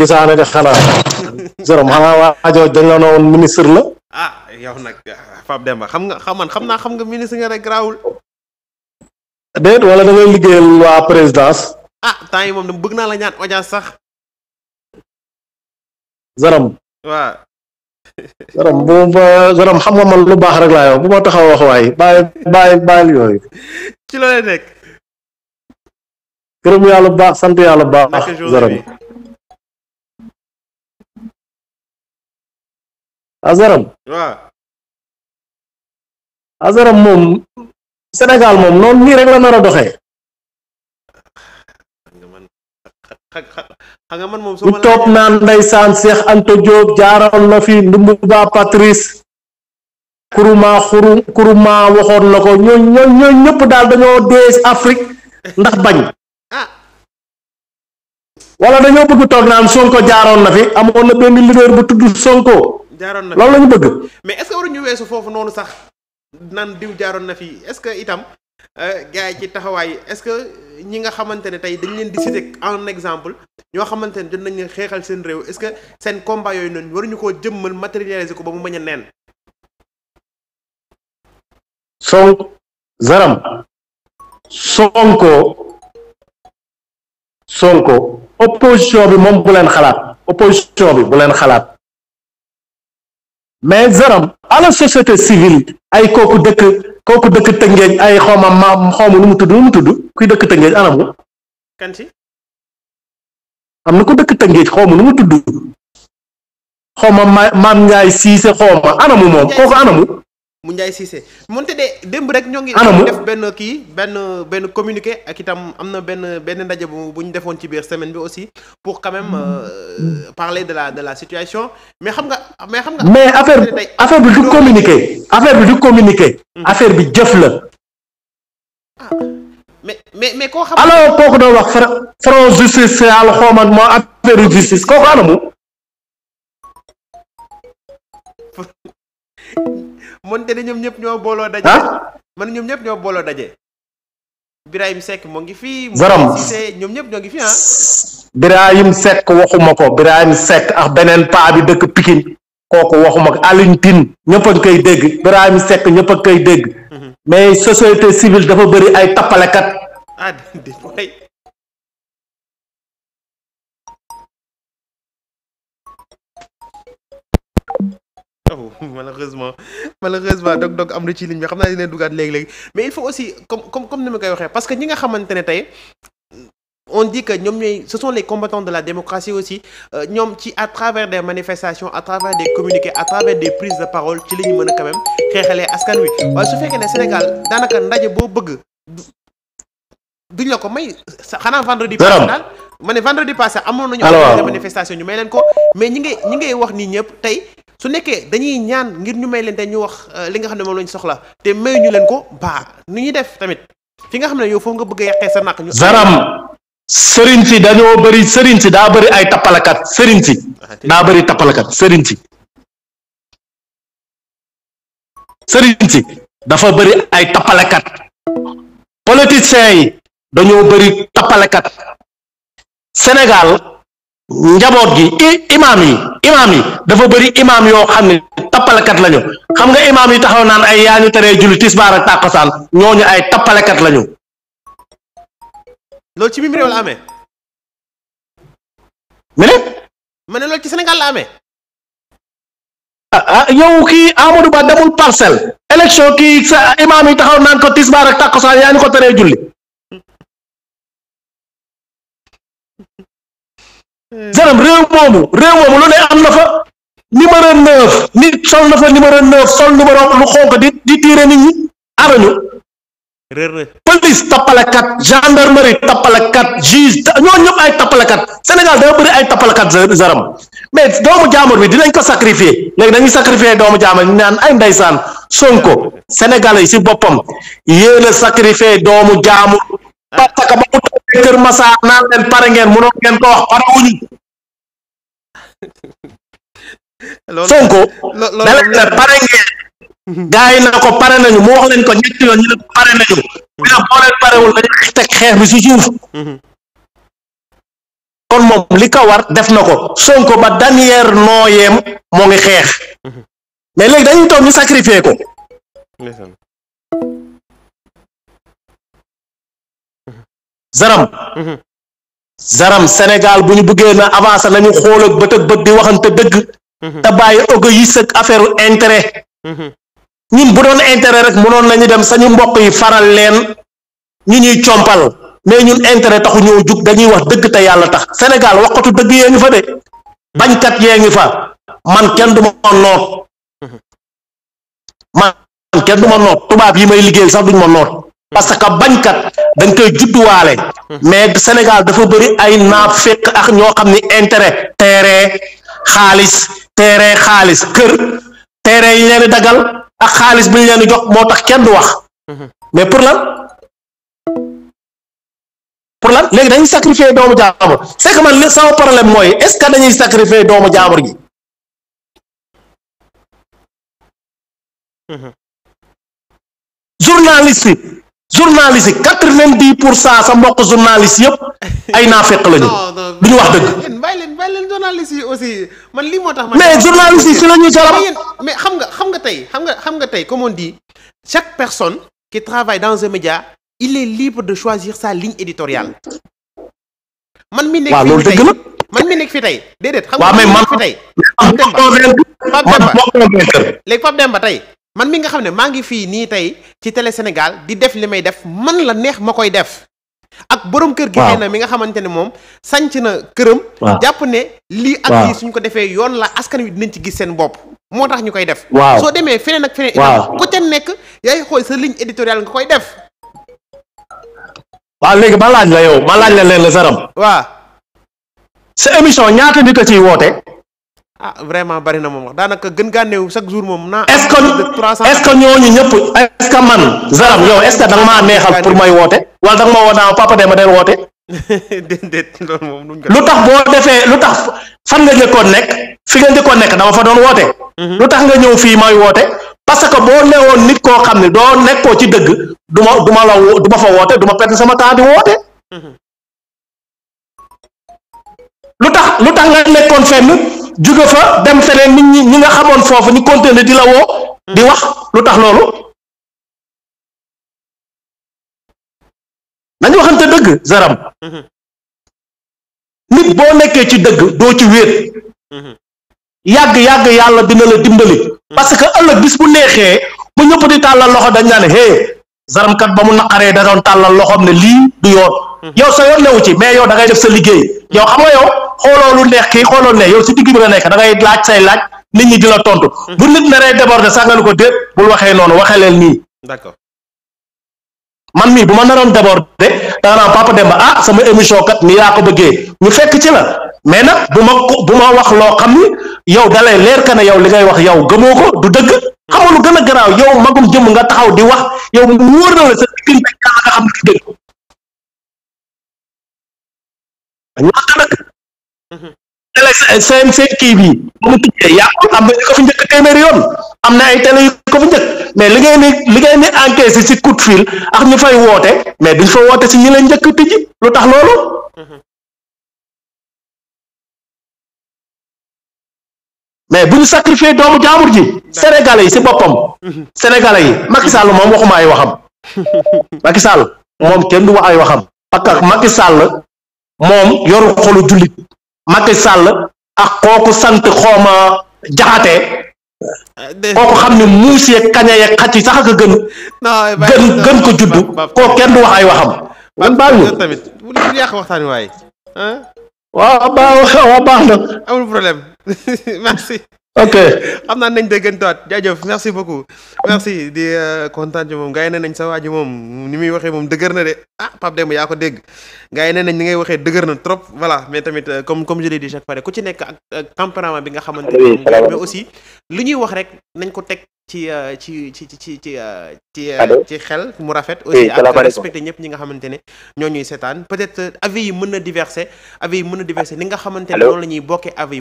gisaane di xanaa Jérôme xanaa waa jooju dañ woon ministre la. ah yow nag xam nga xam man xam naa xam nga ministre nga rek garaawul. déet wala da ngay liggéeyal waa présidence. ah temps yi moom dama bëgg naa la ñaan audience sax. Jérôme. bu ma Jérôme xam nga man lu baax rek laa yow bu ma taxaw wax waaye bàyyi bàyyi bàyyi yooyu. ci loolee nekk. gërëm yàlla bu baax sant yàlla bu baax Jérôme. Azaram. waaw. moom Sénégal moom noonu nii rek la nar a doxee. xam naan ndeysaan Cheikh anto Diop jaaroon na fi Ndumbuba Patrice kuruma xuru kuruma waxoon na ko ñooñ ñooñ ñëpp daal dañoo dee Afrique ndax bañ ah. wala dañoo bëgg toog naan Sonko jaaroon na fi amoon na benn leader bu tudd Sonko jaaroon na loolu la ñu bëgg. mais est ce waruñu weesu foofu noonu sax naan diw jaaroon na fii est ce que itam euh, gars yi ci taxawaay est ce que ñi nga xamante ne tey dañ leen di citer en exemple ñoo xamante ne jot nañu xeexal seen réew est ce que seen combat yooyu noonu waruñu koo jëmmal matérialiser ko ba mu bañ a neen. Sonko Zaram Sonko Sonko opposition bi moom bu leen xalaat opposition bi bu leen xalaat mais zaram ala société civile ay kooku dëkk kooku dëkk tëngeej ay xawma maam xawma nu mu tudd nu mu tudd kuy dëkk tëngeej anam ko kanti am na ku dëkk tëngeej xawma nu mu ma man ngay si Siise xawma anamu moom kooku anamu mu Ndiaye Cissé moonte de démb rek ñoo ngi def benn kii benn benn communiqué ak itam am na benn benn ndaje bu bu ñu defoon ci biir semaine bi aussi pour quand même euh, parler de la de la situation mais xam nga mais xam nga mais affaire affaire bi du communiqué affaire bi du communiqué mhm. affaire bi jëf la ah, mais mais mais koo xam alors kooku doon wax fra France justice c'est al xooman affaire justice kooku anamu moonte ne ñoom ñëpp ñoo booloo daje. man ñoom ñëpp ñoo booloo daje. Birahim sekk moo ngi fii. Borom Cissé ñoom ñëpp ñoo ngi fii ah. Birahim Seck waxuma ko Birahim Seck ak beneen paa bi dëkk Pikine kooku waxuma ko alintin Tine ñëpp koy dégg Birahim Seck ñëpp a ngi koy dégg. Mhm. mais société civile dafa bëri ay tappalekat. Ah, waaw malheureusement malheureusement dog dog am na ci ligne bi xam naa dina dugaat léegi-léegi mais il faut aussi comme comme comme ni ma koy waxee parce que ñi nga xamante ne tey on dit ñoom ñooy ce sont les de la démocratie aussi euh, ñoom ci à travers des manifestations à travers des communiqués à travers des prises de parole ci la mën a quand même askan wi waaye su fekkee ne Sénégal daanaka ndaje boo bëgg duñ la ko may xanaa vendredi passé ma su nekkee dañuy ñaan ngir ñu may leen te ñu wax euh, li nga xam ne moom lañ soxla te may ñu leen ko baa nu ñuy def tamit fi nga xam ne yow foofu nga bëgg a yàqee sa naq zaram sëriñ si dañoo bari sëriñ si daa bëri ay tappalakat sëriñ si bëri tappalakat sëriñ si sëriñ si dafa bari ay tappalakat politiciens yi dañoo bari tappalakat Sénégal njaboot gi imaam yi imaam yi dafa bëri imaam yoo xam ne tappalekat lañu xam nga imaam yi taxaw naan ay yaa ñu teree julli tisbaar ak tàkkusaan ñooñu ay tappalekat lañu. loolu ci biir réew la amee. mu ne. ma ci Sénégal la amee. Ah, ah yow kii Amadou Ba demul parcelle. élection kii sa imaam yi taxaw naan ko tisbaar ak tàkkusaan yaa ñu ko teree julli. Zanam réew moomu réew moomu lu ne am na fa numéro 9 nit sol na fa numéro 9 sol numéro lu xonk di di tiire nit ñi arañu. police gendarmerie tappalakat juge ñooñu ay tappalakat Sénégal dafa bëri ay tappalakat Zanam mais doomu jaamur bi dinañ ko sacrifier léegi dañuy sacrifier doomu jaamur ñu naan ay ndeysaan Sonko Sénégalais yi si boppam yéen sacrifier doomu jaamur. parce que ba mu toogee leen pare ngeen mënoon ngeen ko wax pare wuñu Sonko da leen ne pare ngeen gars yi na ko pare nañu mu wax leen ko ñetti yoon ñu ne pare nañu hmm. mais boo leen parewul dañuy teg xeex bi si suuf hmm. kon moom li ko war def na ko Sonko ba dernier nooyeem moo ngi xeex hmm. mais léegi dañuy toog ñu sacrifier ko zaram mhm. zaram Sénégal bu ñu bëggee na avancer nañu xool ak bët ak di waxante dëgg mhm. te bàyyi yi ak affaire intérêt mhm. ñun bu doon intérêt rek mënoon nañu dem sañu mbokk yi faral leen ñu ñuy compal mais ñun intérêt taxu ñoo jug dañuy wax dëgg te yàlla tax Sénégal waxatu dëgg yee ngi fa de bañkat yee ngi fa man kenn du ma noot man kenn du ma noot tubaab yi may liggéey sax duñ ma noot parce que bañkat dañ koy judduwaale mais Sénégal dafa bëri ay naa fekk ak ñoo xam ni intérêt teere xaalis teere xaalis kër teere yi leen dagal ak xaalis bi ñu leen di jox moo tax kenn du wax mais pour lan pour lan léegi dañuy sacrifier doomu jaambur c'est que man sama problème mooy est-ce que dañuy sacrifier doomu jaambur gi mm-hmm. journaliste journaliste yi quatre vingt dix pour cent sa mbokk journaliste yëpp ay naafeq lañu. duñu wax dëgg. bàyyi leen bàyyi leen journaliste yi aussi man lii moo tax. mais journaliste yi si la ñuy mais xam nga xam nga tey xam nga xam nga tey comme on dit chaque personne qui travaille dans un média il est libre de choisir sa ligne éditoriale. man mi nekk fii tey man mi nekk fii tey déedéet. xam nga fi tey. Pape Demba léegi Pape Demba tey. man mi nga xam ne maa ngi fii nii tey ci télé Sénégal di def li may def man la neex ma koy def. ak boroom kër gi. xëy na mi nga xamante ne moom sànc na këram. jàpp ne lii ak lii suñ ko defee yoon la askan wi dinañ ci gis seen bopp. moo tax ñu koy def. waaw soo demee feneen ak waaw ku ca nekk yaay xool sa ligne éditoriale nga koy def. waaw léegi ma laaj la yow ma laaj la leen la saram. waaw. sa émission ñaata nit a ciy woote. ah vraiment bari na moom wax daanaka gën gaa néew chaque moom naa. est-ce que est-ce que ñooñu ñëpp est-ce que man. Zaram yow est-ce que da nga maa neexal pour may woote. wala da nga ma woo naa papa de ma del woote. déedéet loolu lu tax nga nekk fi nga njëkkoon nekk dama fa doon woote. Mhm. lu tax nga ñëw fii may woote. parce que boo newoon nit koo xam ne doo nekkoo ci dëgg du ma ma la du ma fa woote du ma sama temps di woote. Mhm. lu tax lu tax nga nekkoon fenn. jóge fa dem feneen nit ñi ñi nga xamoon foofu ñu continuer di la woo di wax lu tax loolu nañu waxante dëgg zaram mhm. nit boo nekkee ci dëgg doo ci wéet mhm. yàgg yàgg yàlla dina la dimbali mhm. parce que ëllëg bis bu neexee bu ñëpp di tàllal loxo dañ naan hé zaramkat ba mu naqaree da doon tàllal loxoom ne lii du yoon yow sa yoon newu ci mais yow da ngay def sa liggéey yow xam yow xooloo lu neex kii xooloo ne yow si digg bi nga nekk dangay laaj say laaj nit ñi di la tontu. Hmm. bu nit naree déborder sax nga ne ko déet bul waxee noonu waxaleel nii. d'accord man mii bu ma naroon déborder daanaka Papa Demba ah sama émission kat nii yaa ko bëggee ñu fekk ci la. mais nag bu ma ko bu ma wax loo xam ni yow dalay leer ka ne yow li ngay wax yow gëmoo ko du dëgg xam nga lu gën a garaaw yow magum jëm nga taxaw di wax yow mu wóor na la sa diggante nga xam ne du télé seen seen kii bi ba mu tijjee yaa am na ñu ko fi njëkk téeméeri yoon am na ay télé yu ko fi njëkk mais li ni li ngay ni encaissé si coup de ak ñu fay woote mais duñ fa woote si ñi la njëkk tijji lu tax loolu mais bu ñu sacrifier doomu jaamur ji sénégalais yi si boppam sénégalais yi Macky Sall moom waxuma ay waxam Macky moom kenn du wax ay waxam parce que Macky moom yoru xolu jullit Macky Sall ak kooku sant xooma jaxate kooku xam ne muus yeeg kaña yeeg xaj yi sax a ko gën gën gën ko judd koo kenn du wax ay waxam man baal ñu tamit baax na ok am naa nañ déggantaat jaajëf merci beaucoup merci di euh, kontaan moom gars yi nee nañ sa waa moom ni muy waxee moom dëgër na de ah yaa ko dégg gars yi nee nañ ni ngay waxee dëgër na trop voilà mais tamit euh, comme comme je l'ai dit chaque fois ku ci nekk ak tempérament bi nga xamante ne mais aussi lu ñuy wax rek nañ ko teg ci euh, ci ci ci ci ci ci xel mu rafet aussi ak respecté ñëpp ñi nga xamante ne ñoo ñuy seetaan peut-être avis yi mën na diverser avis yi mën na diverser ni nga xamante ne noonu la ñuy bokkee avis